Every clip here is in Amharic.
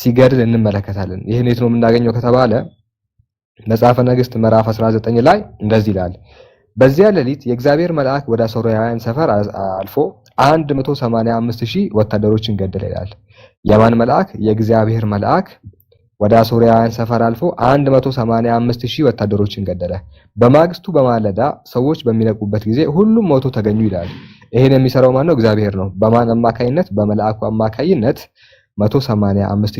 ሲገድል እንመለከታለን። ይህን የት ነው የምናገኘው ከተባለ መጽሐፈ ነገሥት ምዕራፍ 19 ላይ እንደዚህ ይላል። በዚያ ሌሊት የእግዚአብሔር መልአክ ወደ ሶርያውያን ሰፈር አልፎ 185000 ወታደሮችን ገደለ ይላል። የማን መልአክ? የእግዚአብሔር መልአክ ወደ አሶርያውያን ሰፈር አልፎ 185000 ወታደሮችን ገደለ። በማግስቱ በማለዳ ሰዎች በሚነቁበት ጊዜ ሁሉም ሞቶ ተገኙ ይላል። ይህን የሚሰራው ማን ነው? እግዚአብሔር ነው። በማን አማካይነት? በመልአኩ አማካይነት መቶ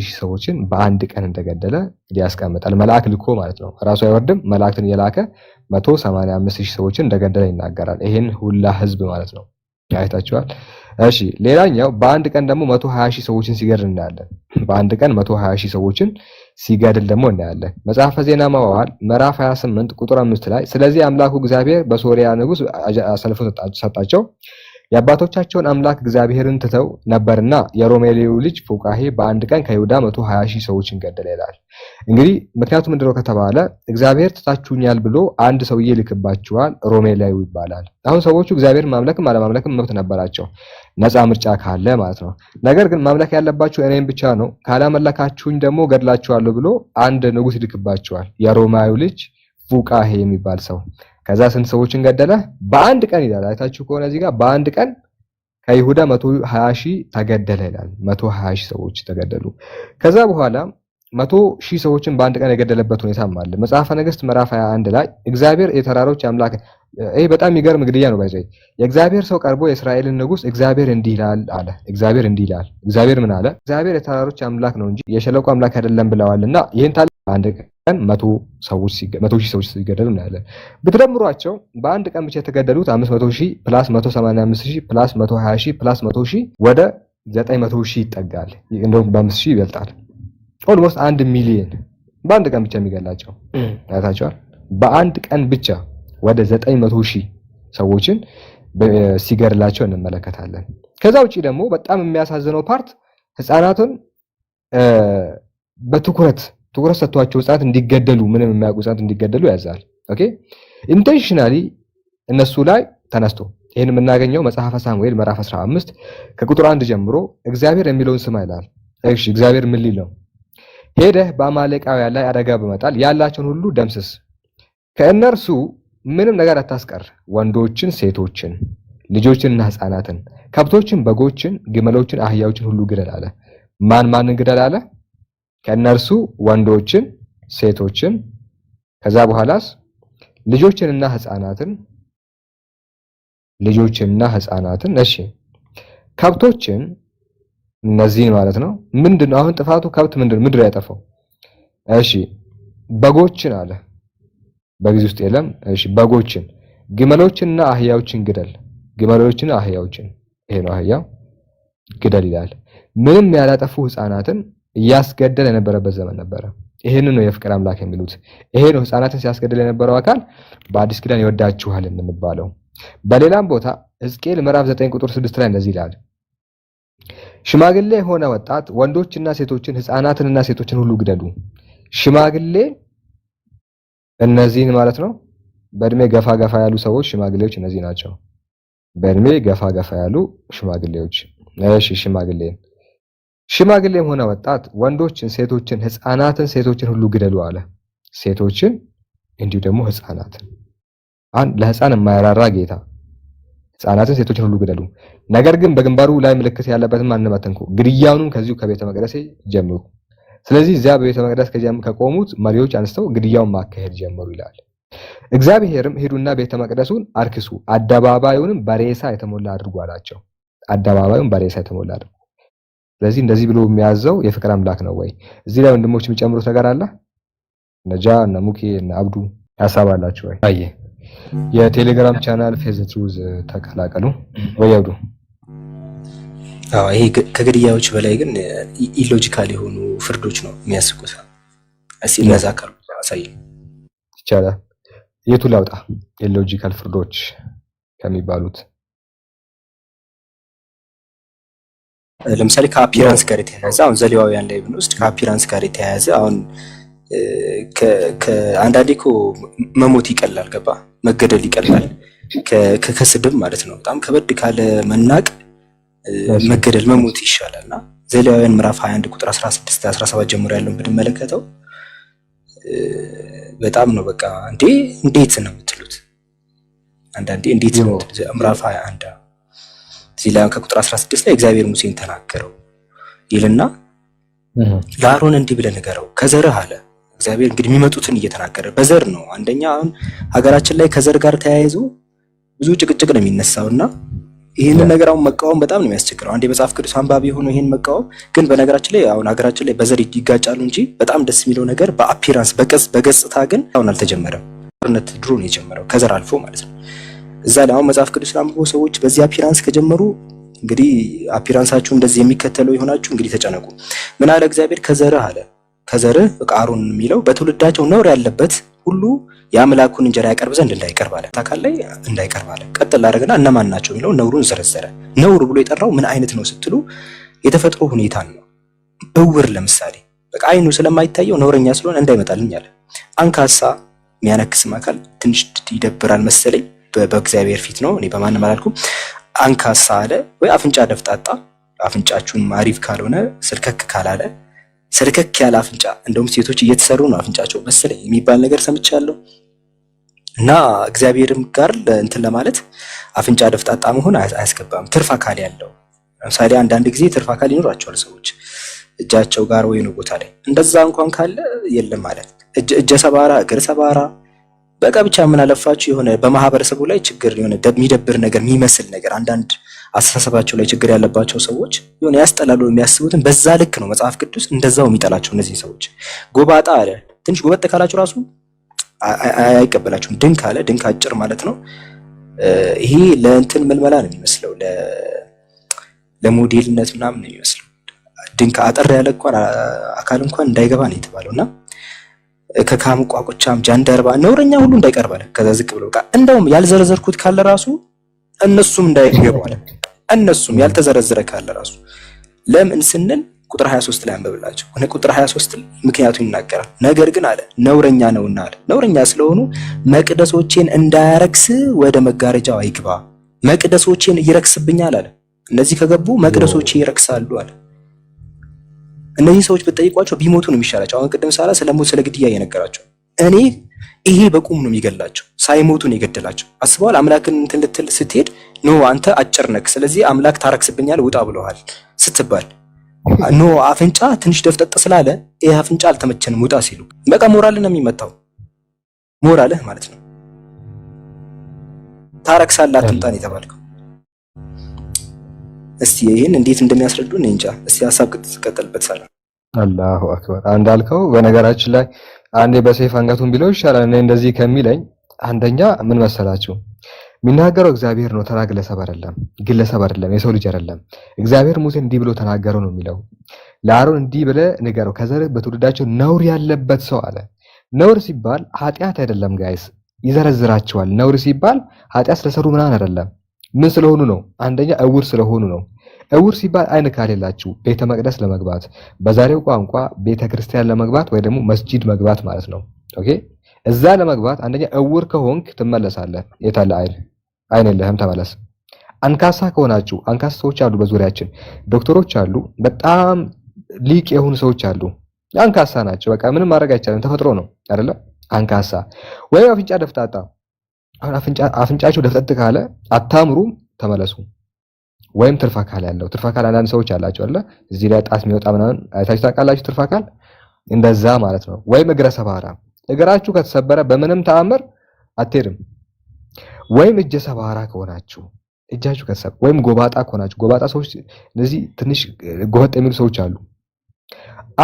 ሺህ ሰዎችን በአንድ ቀን እንደገደለ ያስቀምጣል። መልአክ ልኮ ማለት ነው። ራሱ አይወርድም፣ መልአክትን እየላከ መቶ ሺህ ሰዎችን እንደገደለ ይናገራል። ይሄን ሁላ ህዝብ ማለት ነው። አይታችኋል። እሺ፣ ሌላኛው በአንድ ቀን ደግሞ መቶ ሺህ ሰዎችን ሲገድል እናያለን። በአንድ ቀን መቶ ሺህ ሰዎችን ሲገድል ደግሞ እናያለን። መጽሐፈ ዜና መዋዕል ምዕራፍ 28 ቁጥር አምስት ላይ ስለዚህ አምላኩ እግዚአብሔር በሶሪያ ንጉስ አሳልፎ ሰጣቸው የአባቶቻቸውን አምላክ እግዚአብሔርን ትተው ነበርና የሮሜሌው ልጅ ፉቃሄ በአንድ ቀን ከይሁዳ መቶ ሀያ ሺህ ሰዎችን ገደለ ይላል። እንግዲህ ምክንያቱ ምንድነው ከተባለ እግዚአብሔር ትታችሁኛል ብሎ አንድ ሰውዬ ይልክባቸዋል ሮሜሌው ይባላል። አሁን ሰዎቹ እግዚአብሔር ማምለክም አለማምለክም መብት ነበራቸው፣ ነፃ ምርጫ ካለ ማለት ነው። ነገር ግን ማምለክ ያለባችሁ እኔም ብቻ ነው፣ ካላመለካችሁኝ ደግሞ ገድላችኋለሁ ብሎ አንድ ንጉስ ይልክባችኋል፣ የሮማዩ ልጅ ፉቃሄ የሚባል ሰው ከዛ ስንት ሰዎችን ገደለ? በአንድ ቀን ይላል። አይታችሁ ከሆነ እዚህ ጋር በአንድ ቀን ከይሁዳ 120 ሺህ ተገደለ ይላል። 120 ሺህ ሰዎች ተገደሉ። ከዛ በኋላ መቶ ሺህ ሰዎችን በአንድ ቀን የገደለበት ሁኔታም አለ። መጽሐፈ ነገስት ምዕራፍ 21 ላይ እግዚአብሔር የተራሮች አምላክ ይሄ በጣም የሚገርም ግድያ ነው። ባይዘይ የእግዚአብሔር ሰው ቀርቦ የእስራኤልን ንጉስ እግዚአብሔር እንዲህ ይላል አለ። እግዚአብሔር እንዲህ ይላል። እግዚአብሔር ምን አለ? እግዚአብሔር የተራሮች አምላክ ነው እንጂ የሸለቆ አምላክ አይደለም ብለዋል። እና ይህን ታ በአንድ ቀን መቶ ሺህ ሰዎች ሲገደሉ እናያለን። ብትደምሯቸው በአንድ ቀን ብቻ የተገደሉት አምስት መቶ ሺህ ፕላስ መቶ ሰማንያ አምስት ሺህ ፕላስ መቶ ሀያ ሺህ ፕላስ መቶ ሺህ ወደ ዘጠኝ መቶ ሺህ ይጠጋል። እንደውም በአምስት ሺህ ይበልጣል። ኦልሞስት አንድ ሚሊዮን በአንድ ቀን ብቻ የሚገላቸው ያታቸዋል። በአንድ ቀን ብቻ ወደ ዘጠኝ መቶ ሺህ ሰዎችን ሲገድላቸው እንመለከታለን። ከዛ ውጭ ደግሞ በጣም የሚያሳዝነው ፓርት ህፃናቱን በትኩረት ትኩረት ሰጥቷቸው ህፃናት እንዲገደሉ ምንም የማያውቁ ህፃናት እንዲገደሉ ያዛል። ኦኬ ኢንቴንሽናሊ እነሱ ላይ ተነስቶ ይህን የምናገኘው መጽሐፈ ሳሙኤል ምዕራፍ 15 ከቁጥር አንድ ጀምሮ እግዚአብሔር የሚለውን ስማ ይላል። እሺ እግዚአብሔር ምን ሊል ነው? ሄደህ በአማሌቃውያን ላይ አደጋ በመጣል ያላቸውን ሁሉ ደምስስ፣ ከእነርሱ ምንም ነገር አታስቀር፣ ወንዶችን፣ ሴቶችን፣ ልጆችንና ህፃናትን ከብቶችን፣ በጎችን፣ ግመሎችን፣ አህያዎችን ሁሉ ግደል አለ። ማን ማንን ግደል አለ? ከእነርሱ ወንዶችን፣ ሴቶችን፣ ከዛ በኋላስ ልጆችንና ህፃናትን ልጆችንና ህፃናትን፣ እሺ ከብቶችን እነዚህን ማለት ነው። ምንድን ነው አሁን ጥፋቱ? ከብት ምንድን ምድር ያጠፋው? እሺ በጎችን አለ። በጊዜ ውስጥ የለም። እሺ በጎችን፣ ግመሎችንና አህያዎችን ግደል። ግመሎችንና አህያዎችን ይሄ ነው አህያው ግደል ይላል። ምንም ያላጠፉ ህፃናትን እያስገደል የነበረበት ዘመን ነበረ። ይሄን ነው የፍቅር አምላክ የሚሉት። ይሄ ነው ህፃናትን ሲያስገደል የነበረው አካል በአዲስ ኪዳን ይወዳችኋል የምንባለው። በሌላም ቦታ ሕዝቅኤል ምዕራፍ 9 ቁጥር 6 ላይ እንደዚህ ይላል ሽማግሌ የሆነ ወጣት ወንዶችና ሴቶችን ህፃናትንና ሴቶችን ሁሉ ግደሉ። ሽማግሌ እነዚህን ማለት ነው። በእድሜ ገፋ ገፋ ያሉ ሰዎች ሽማግሌዎች እነዚህ ናቸው። በእድሜ ገፋ ገፋ ያሉ ሽማግሌዎች። እሺ ሽማግሌ ሽማግሌም ሆነ ወጣት ወንዶችን፣ ሴቶችን፣ ህፃናትን፣ ሴቶችን ሁሉ ግደሉ አለ። ሴቶችን እንዲሁ ደግሞ ህፃናትን። ለህፃን የማይራራ ጌታ ህጻናትን ሴቶችን ሁሉ ግደሉ፣ ነገር ግን በግንባሩ ላይ ምልክት ያለበትን ማንም አትንኩ፣ ግድያውንም ከዚሁ ከቤተ መቅደሴ ጀምሩ። ስለዚህ እዚያ በቤተ መቅደስ ከቆሙት መሪዎች አንስተው ግድያውን ማካሄድ ጀመሩ ይላል። እግዚአብሔርም ሂዱና ቤተ መቅደሱን አርክሱ፣ አደባባዩንም በሬሳ የተሞላ አድርጉ አላቸው። አደባባዩን በሬሳ የተሞላ አድርጉ። ስለዚህ እንደዚህ ብሎ የሚያዘው የፍቅር አምላክ ነው ወይ? እዚህ ላይ ወንድሞች የሚጨምሩት ነገር አለ? ነጃ እነ ሙኬ እነ አብዱ ያሳባላችሁ ወይ? የቴሌግራም ቻናል ፌዝ ትሩዝ ተቀላቀሉ። ወያዱ አዎ፣ ይሄ ከግድያዎች በላይ ግን ኢሎጂካል የሆኑ ፍርዶች ነው የሚያስቁት። እስኪ እነዛ ካሉ አሳይ ይቻላል። የቱ ላውጣ? ኢሎጂካል ፍርዶች ከሚባሉት ለምሳሌ ከአፒራንስ ጋር የተያያዘ አሁን ዘሌዋውያን ላይ ብንወስድ ከአፒራንስ ጋር የተያያዘ አሁን አንዳንዴ እኮ መሞት ይቀላል፣ ገባ መገደል ይቀላል ከስድብ ማለት ነው። በጣም ከበድ ካለ መናቅ መገደል መሞት ይሻላል። እና ዘሌዋውያን ምዕራፍ 21 ቁጥር 16 17 ጀምሮ ያለውን ብንመለከተው በጣም ነው በቃ እንዴ እንዴት ነው የምትሉት አንዳንዴ እንዴት ነው ምዕራፍ 21 እዚህ ላይ ከቁጥር 16 ላይ እግዚአብሔር ሙሴን ተናገረው ይልና ለአሮን እንዲህ ብለህ ንገረው ከዘርህ አለ እግዚአብሔር እንግዲህ የሚመጡትን እየተናገረ በዘር ነው። አንደኛ አሁን ሀገራችን ላይ ከዘር ጋር ተያይዞ ብዙ ጭቅጭቅ ነው የሚነሳው እና ይህንን ነገር አሁን መቃወም በጣም ነው የሚያስቸግረው። አንድ የመጽሐፍ ቅዱስ አንባቢ የሆነው ይህን መቃወም ግን በነገራችን ላይ አሁን ሀገራችን ላይ በዘር ይጋጫሉ እንጂ በጣም ደስ የሚለው ነገር በአፒራንስ በገጽታ ግን አሁን አልተጀመረም። ጦርነት ድሮ ነው የጀመረው ከዘር አልፎ ማለት ነው። እዛ ላይ አሁን መጽሐፍ ቅዱስ አንብቦ ሰዎች በዚህ አፒራንስ ከጀመሩ እንግዲህ አፒራንሳችሁ እንደዚህ የሚከተለው የሆናችሁ እንግዲህ ተጨነቁ። ምን አለ እግዚአብሔር ከዘርህ አለ ከዘርህ ፍቃሩን የሚለው በትውልዳቸው ነውር ያለበት ሁሉ የአምላኩን እንጀራ ያቀርብ ዘንድ እንዳይቀርብ አለ። ታካል ላይ እንዳይቀርብ አለ። ቀጥል ላደረግና እነማን ናቸው የሚለው ነውሩን ዘረዘረ። ነውር ብሎ የጠራው ምን አይነት ነው ስትሉ የተፈጥሮ ሁኔታን ነው። እውር ለምሳሌ በቃ አይኑ ስለማይታየው ነውረኛ ስለሆነ እንዳይመጣልኝ አለ። አንካሳ የሚያነክስም አካል ትንሽ ይደብራል መሰለኝ። በእግዚአብሔር ፊት ነው፣ እኔ በማንም አላልኩም። አንካሳ አለ ወይ አፍንጫ ደፍጣጣ አፍንጫችሁን አሪፍ ካልሆነ ስልከክ ካላለ ሰርከክ ያለ አፍንጫ እንደውም ሴቶች እየተሰሩ ነው አፍንጫቸው መሰለኝ የሚባል ነገር ሰምቻለሁ። እና እግዚአብሔርም ጋር እንትን ለማለት አፍንጫ ደፍጣጣ መሆን አያስገባም። ትርፍ አካል ያለው ለምሳሌ አንዳንድ ጊዜ ትርፍ አካል ይኖራቸዋል ሰዎች እጃቸው ጋር ነው ቦታ ላይ እንደዛ እንኳን ካለ የለም ማለት እጀ ሰባራ እግር ሰባራ በቃ ብቻ ምን የሆነ በማህበረሰቡ ላይ ችግር የሆነ የሚደብር ነገር የሚመስል ነገር አንዳንድ አስተሳሰባቸው ላይ ችግር ያለባቸው ሰዎች የሆነ ያስጠላሉ የሚያስቡትን በዛ ልክ ነው መጽሐፍ ቅዱስ እንደዛው የሚጠላቸው እነዚህ ሰዎች። ጎባጣ አለ ትንሽ ጎበጥ ካላችሁ ራሱ አይቀበላችሁም። ድንክ አለ ድንክ አጭር ማለት ነው። ይሄ ለእንትን ምልመላ ነው የሚመስለው፣ ለሞዴልነት ምናምን ነው የሚመስለው። ድንክ አጠር ያለ እንኳን አካል እንኳን እንዳይገባ ነው የተባለው እና ከካም ቋቁቻም ጃንደርባ ነውረኛ ሁሉ እንዳይቀርባለ ከዛ ዝቅ ብሎ እንደውም ያልዘረዘርኩት ካለ ራሱ እነሱም እንዳይገባዋል። እነሱም ያልተዘረዘረ ካለ ራሱ ለምን ስንል ቁጥር 23 ላይ አንብብላቸው። ቁጥር 23 ምክንያቱ ይናገራል። ነገር ግን አለ ነውረኛ ነውና አለ ነውረኛ ስለሆኑ መቅደሶቼን እንዳያረክስ ወደ መጋረጃው አይግባ። መቅደሶቼን ይረክስብኛል አለ። እነዚህ ከገቡ መቅደሶቼ ይረክሳሉ አለ። እነዚህ ሰዎች በጠይቋቸው ቢሞቱ ነው የሚሻላቸው። አሁን ቅድም ሳላ ስለሞት ስለ ግድያ እየነገራቸው እኔ ይሄ በቁም ነው የሚገላቸው። ሳይሞቱን ነው የገደላቸው። አስበዋል። አምላክን እንትን ልትል ስትሄድ ኖ አንተ አጭር ነክ፣ ስለዚህ አምላክ ታረክስብኛል ውጣ ብለዋል ስትባል ኖ አፍንጫ ትንሽ ደፍጠጥ ስላለ ይህ አፍንጫ አልተመቸንም ውጣ ሲሉ በቃ ሞራልን ነው የሚመጣው። ሞራልህ ማለት ነው። ታረክሳለህ አትምጣን የተባልከው እስቲ ይህን እንዴት እንደሚያስረዱ እንጃ። እስቲ ሀሳብ ቀጠልበት። ሰላም አላሁ አክበር እንዳልከው በነገራችን ላይ አንዴ በሰይፍ አንገቱን ቢለው ይሻላል እኔ እንደዚህ ከሚለኝ። አንደኛ ምን መሰላችሁ የሚናገረው እግዚአብሔር ነው፣ ተራ ግለሰብ አይደለም። ግለሰብ አይደለም፣ የሰው ልጅ አይደለም። እግዚአብሔር ሙሴን እንዲህ ብሎ ተናገረው ነው የሚለው። ለአሮን እንዲህ ብለህ ንገረው ከዘርህ በትውልዳቸው ነውር ያለበት ሰው አለ። ነውር ሲባል ኃጢአት አይደለም ጋይስ፣ ይዘረዝራቸዋል። ነውር ሲባል ኃጢአት ስለሰሩ ምናምን አይደለም። ምን ስለሆኑ ነው? አንደኛ እውር ስለሆኑ ነው። እውር ሲባል አይን ካሌላችሁ ቤተ መቅደስ ለመግባት በዛሬው ቋንቋ ቤተ ክርስቲያን ለመግባት ወይ ደግሞ መስጂድ መግባት ማለት ነው። ኦኬ እዛ ለመግባት አንደኛ እውር ከሆንክ ትመለሳለህ። የታለ አይን? አይን የለህም፣ ተመለስ። አንካሳ ከሆናችሁ አንካሳ ሰዎች አሉ፣ በዙሪያችን ዶክተሮች አሉ፣ በጣም ሊቅ የሆኑ ሰዎች አሉ። አንካሳ ናቸው። በቃ ምንም ማድረግ አይቻልም፣ ተፈጥሮ ነው አይደለ? አንካሳ ወይም አፍንጫ ደፍጣጣ። አሁን አፍንጫችሁ ደፍጠጥ ካለ አታምሩም፣ ተመለሱ። ወይም ትርፍ አካል ያለው ትርፍ አካል አንዳንድ ሰዎች አላቸው አለ እዚህ ላይ ጣት የሚወጣ ምናምን አይታችሁ ታውቃላችሁ። ትርፍ አካል እንደዛ ማለት ነው። ወይም እግረ ሰባራ እግራችሁ ከተሰበረ በምንም ተአምር አትሄድም። ወይም እጀ ሰባራ ከሆናችሁ እጃችሁ ከተሰበረ ወይም ጎባጣ ከሆናችሁ ጎባጣ ሰዎች እነዚህ ትንሽ ጎበጥ የሚሉ ሰዎች አሉ።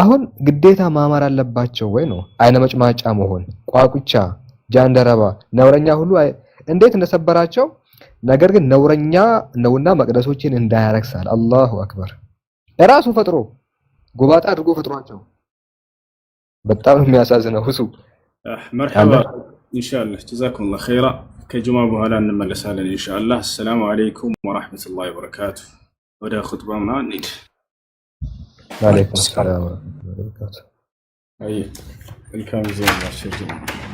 አሁን ግዴታ ማማር አለባቸው ወይ ነው? አይነ መጭማጫ መሆን፣ ቋቁቻ፣ ጃንደረባ፣ ነውረኛ ሁሉ እንዴት እንደሰበራቸው ነገር ግን ነውረኛ ነውና መቅደሶችን እንዳያረክሳል። አላሁ አክበር እራሱ ፈጥሮ ጉባጣ አድርጎ ፈጥሯቸው በጣም ነው የሚያሳዝነው። ሁሱ መርሐባ ኢንሻአላህ ጀዛኩሙላህ ኸይራ። ከጁማ በኋላ እንመለሳለን ኢንሻአላህ። አሰላሙ አለይኩም ወራህመቱላሂ ወበረካቱ። ወደ ኹጥባ ምናምን እንሂድ። ወአለይኩም ሰላም ወራህመቱላሂ ወበረካቱ። አይ